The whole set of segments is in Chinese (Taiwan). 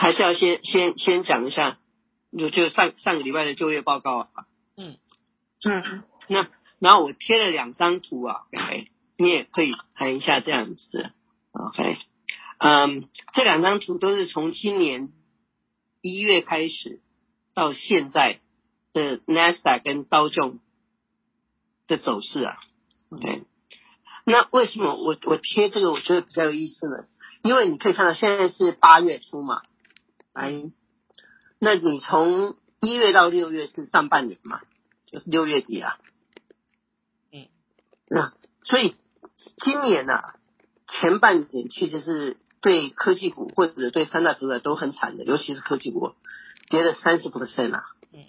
還是要先先先講一下，就就上上個禮拜的就業報告啊。嗯嗯，那然後我貼了兩張圖啊，OK，你也可以看一下這樣子。OK，嗯，這兩張圖都是從今年一月開始到現在的 Nasdaq 跟道瓊的走勢啊。OK，嗯，那為什麼我我貼這個我覺得比較有意思呢？因為你可以看到現在是八月初嘛。那你從一月到六月是上半年嘛，就是六月底啊。嗯。那、嗯、所以今年吶、啊，前半年其實是對科技股或者對三大主宰，都很慘的，尤其是科技股跌了三十%啊。嗯。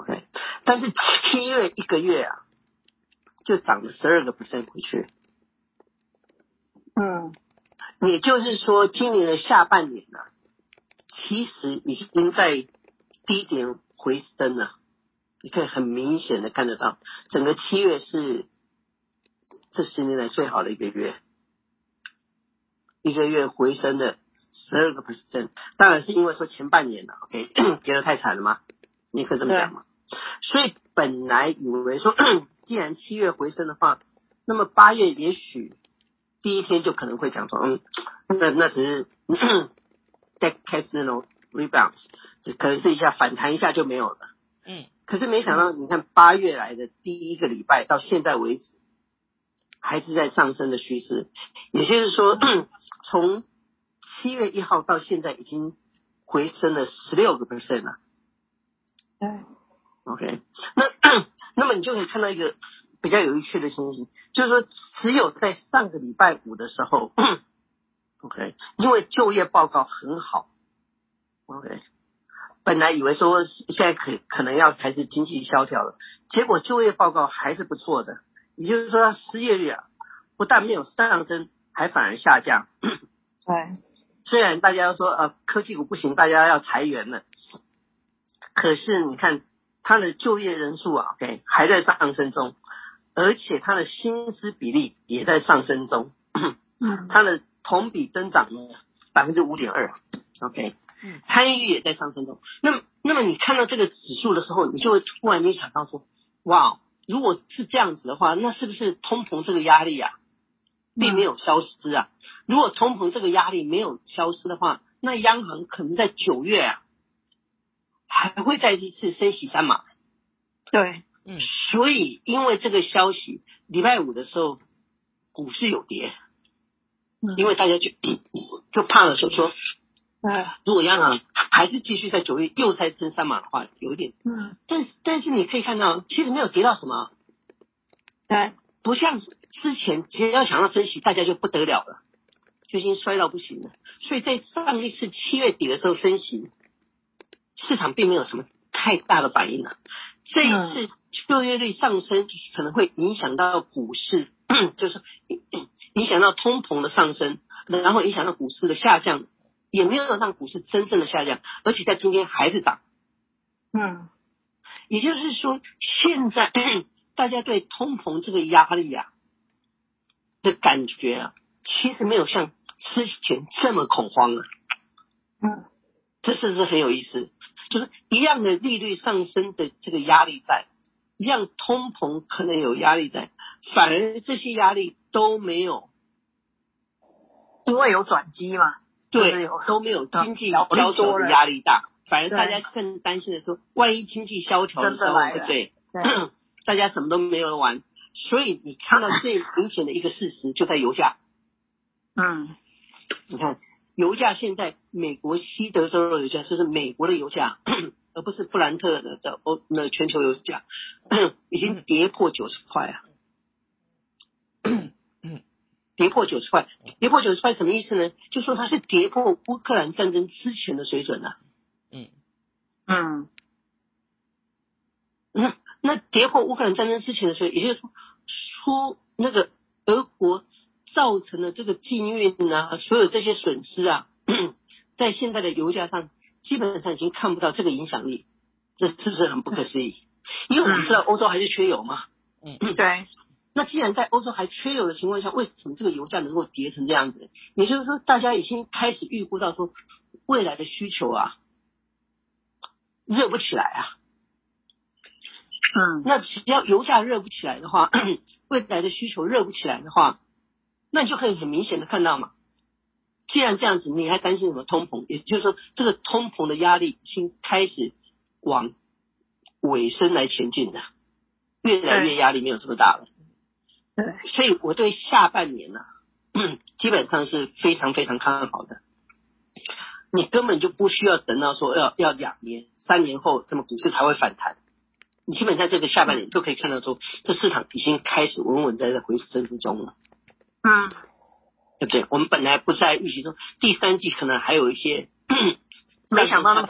OK，但是七月一個月啊，就漲了十二個%回去。嗯。也就是說，今年的下半年呢、啊？其實已經在低點回升了，你可以很明顯的看得到，整個七月是這十年來最好的一個月，一個月回升了十二個 percent，當然是因為說前半年了，OK 跌得 太慘了嗎？你可以這麼講嗎？嗯、所以本來以為說，既然七月回升的話，那麼八月也許第一天就可能會講說，嗯，那那只是。Decay 那種 rebound，s 可能是一下反彈，一下就沒有了。嗯，可是沒想到，你看八月來的第一個禮拜到現在為止，還是在上升的趨勢。也就是說，從、嗯、七月一號到現在已經回升了十六個 percent 了。哎、嗯，OK，那那麼你就可以看到一個比較有趣的情形，就是說只有在上個禮拜五的時候。OK，因為就業報告很好，OK，本來以為說現在可可能要開始經濟蕭條了，結果就業報告還是不錯的，也就是說失業率啊不但沒有上升，還反而下降。對，雖然大家說呃科技股不行，大家要裁員了，可是你看他的就業人數啊，OK，還在上升中，而且他的薪資比例也在上升中，嗯，他的。同比增長了百分之五點二，OK，參與率也在上升中。那麼那麼你看到這個指數的時候，你就會突然間想到說，哇，如果是這樣子的話，那是不是通膨這個壓力啊，並沒有消失啊？嗯、如果通膨這個壓力沒有消失的話，那央行可能在九月啊，還會再一次升息三碼。對，嗯，所以因為這個消息，禮拜五的時候股市有跌。因為大家就就怕的時候說，啊，如果央行還是繼續在九月又再升三碼的話，有一點，嗯，但但是你可以看到，其實沒有跌到什麼，哎，不像之前只要想要升息，大家就不得了了，就已經衰到不行了。所以在上一次七月底的時候升息，市場並沒有什麼太大的反應了。這一次就業率上升，可能會影響到股市。就是影響到通膨的上升，然後影響到股市的下降，也沒有讓股市真正的下降，而且在今天還是漲。嗯，也就是說，現在大家對通膨這個壓力啊的感覺啊，其實沒有像之前這麼恐慌了啊。嗯，這是不是很有意思？就是一樣的利率上升的這個壓力在。讓通膨可能有壓力在，反而這些壓力都沒有，因為有轉機嘛。對，都沒有經濟蕭條的壓力大，嗯、反而大家更擔心的是說，萬一經濟蕭條的時候的。對，對，大家什麼都沒有玩，所以你看到最明顯的一個事實就在油價。嗯。你看油價現在，美國西德州的油價就是美國的油價。 而不是布蘭特的的歐，那全球油價已經跌破九十塊啊，跌破九十塊，跌破九十塊什麼意思呢？就說它是跌破烏克蘭戰爭之前的水準啊。嗯嗯，那那跌破烏克蘭戰爭之前的水準，也就是說，說那個俄國造成的這個禁運啊，所有這些損失啊，在現在的油價上。基本上已經看不到這個影響力。這是不是很不可思議？因為我們知道歐洲還是缺油嘛，嗯，對。那既然在歐洲還缺油的情況下，為什麼這個油價能夠跌成這樣子？也就是說，大家已經開始預估到說未來的需求啊熱不起來啊。嗯，那只要油價熱不起來的話，未來的需求熱不起來的話，那你就可以很明顯的看到嘛。既然這樣子，你還擔心什麼通膨？也就是說，這個通膨的壓力已經開始往尾聲來前進了，越來越壓力沒有這麼大了。所以我對下半年呢、啊，基本上是非常非常看好的。你根本就不需要等到說要要兩年、三年後，這麼股市才會反彈。你基本在這個下半年就可以看到，說這市場已經開始穩穩在這回升之中了。嗯。對不對？我們本來不在預期中，第三季可能還有一些沒有想到的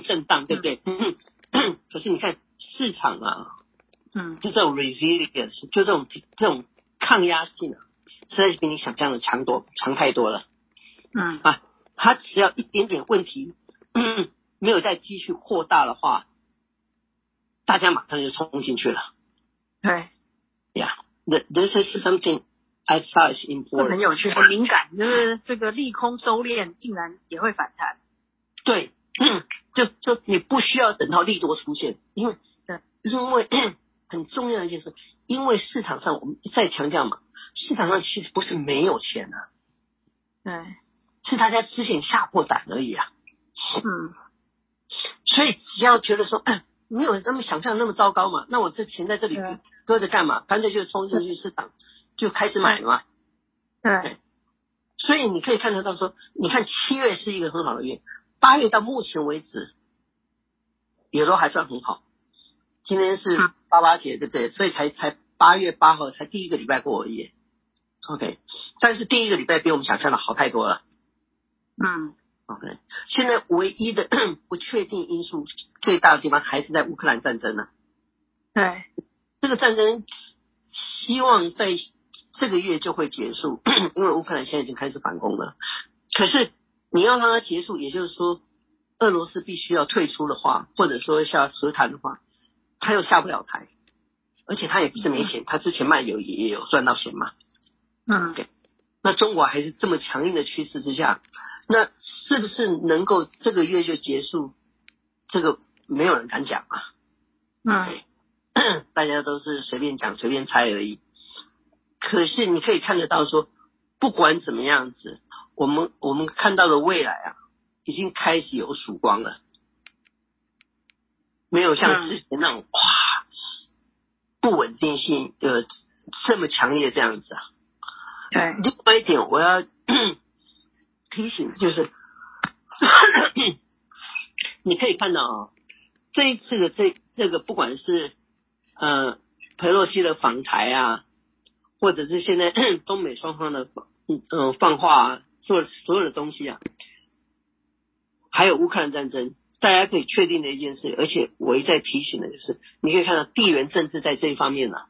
震盪，對不對？可是你看市場啊，嗯，就這種 resilience 就這種、嗯、就這種、這種抗壓性啊，實在是比你想象的強多強太多了。嗯啊，它只要一點點問題，沒有再繼續擴大的話，大家馬上就衝進去了。對、嗯，Yeah, this is something. I s i z 很有趣，很敏感，就是這個利空收斂竟然也會反彈。對，嗯、就就你不需要等到利多出現，因為因為很重要的一件事，因為市場上我們一再強調嘛，市場上其實不是沒有錢的、啊，對，是大家之前嚇破膽而已啊。嗯，所以只要覺得說沒、哎、有那麼想象那麼糟糕嘛，那我這錢在這裡擱着幹嘛？乾脆就衝進去市場。就開始買了嘛，對、okay，所以你可以看得到說，你看七月是一個很好的月，八月到目前為止，也都還算很好。今天是八八節，對不對？所以才才八月八號才第一個禮拜過而已。OK，但是第一個禮拜比我們想象的好太多了。嗯，OK，現在唯一的不確定因素最大的地方還是在烏克蘭戰爭了。對，這個戰爭希望在。這個月就會結束， 因為烏克蘭現在已經開始反攻了。可是你要讓它結束，也就是說，俄羅斯必須要退出的話，或者說下和談的話，他又下不了台，而且他也不是沒錢，嗯、他之前賣油也有賺到錢嘛。嗯，對、okay。那中國還是這麼強硬的趨勢之下，那是不是能夠這個月就結束？這個沒有人敢講啊。嗯，okay, 大家都是隨便講、隨便猜而已。可是你可以看得到，說不管怎麼樣子，我們我們看到的未來啊，已經開始有曙光了，沒有像之前那種、嗯、哇不穩定性呃這麼強烈的這樣子啊。對。另外一點我要提醒的，就是 你可以看到啊、哦，這一次的這這個不管是呃裴洛西的訪台啊。或者是現在中美雙方的放嗯、呃、放話、啊、做所有的東西啊，還有烏克蘭戰爭，大家可以確定的一件事，而且我一再提醒的就是，你可以看到地緣政治在這一方面呢、啊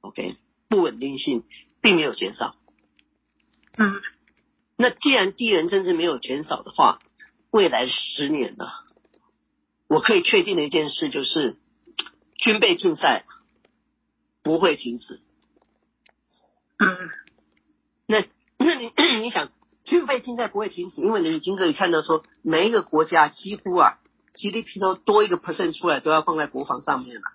，OK 不穩定性並沒有減少、嗯。那既然地緣政治沒有減少的話，未來十年呢、啊，我可以確定的一件事就是軍備競賽不會停止。嗯、那那你你想軍備競賽不會停止，因為你已經可以看到說每一個國家幾乎啊 GDP 都多一個 percent 出來都要放在國防上面了、啊，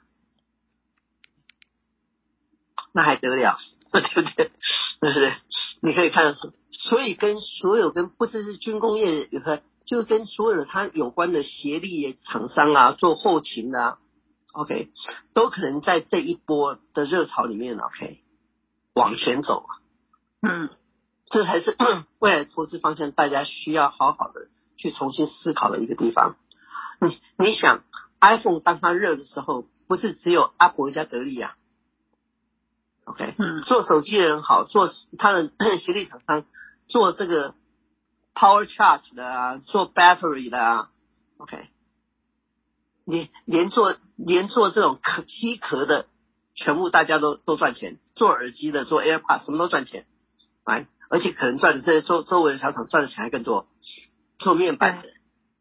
那還得了， 對不對？對不對？你可以看到說，所以跟所有跟不只是，是軍工業有關，就跟所有的它有關的協力廠商啊，做後勤的、啊、，OK，都可能在這一波的熱潮裡面，OK。往前走，啊，嗯，這才是未來投資方向。大家需要好好的去重新思考的一個地方。你你想，iPhone 當它熱的時候，不是只有 Apple 一家得利呀？OK，嗯，做手機的人好，做他的協力廠商，做這個 Power Charge 的啊，做 Battery 的啊，OK，啊連連做連做這種殼機殼的，全部大家都都賺錢。做耳機的，做 AirPods，什麼都賺錢，而且可能賺的這些周周圍的小廠賺的錢還更多。做面板的，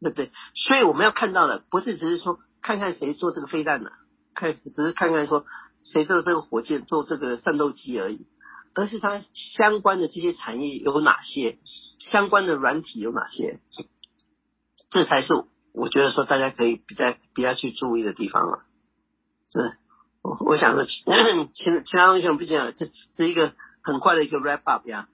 對不對？所以我們要看到的，不是只是說看看誰做這個飛彈的，看，只是看看說誰做這個火箭、做這個戰鬥機而已，而是它相關的這些產業有哪些，相關的軟體有哪些，這才是我覺得說大家可以比較比較去注意的地方了，是。我我想說，其其他東西我不講了，這是一個很快的一個 wrap up 呀。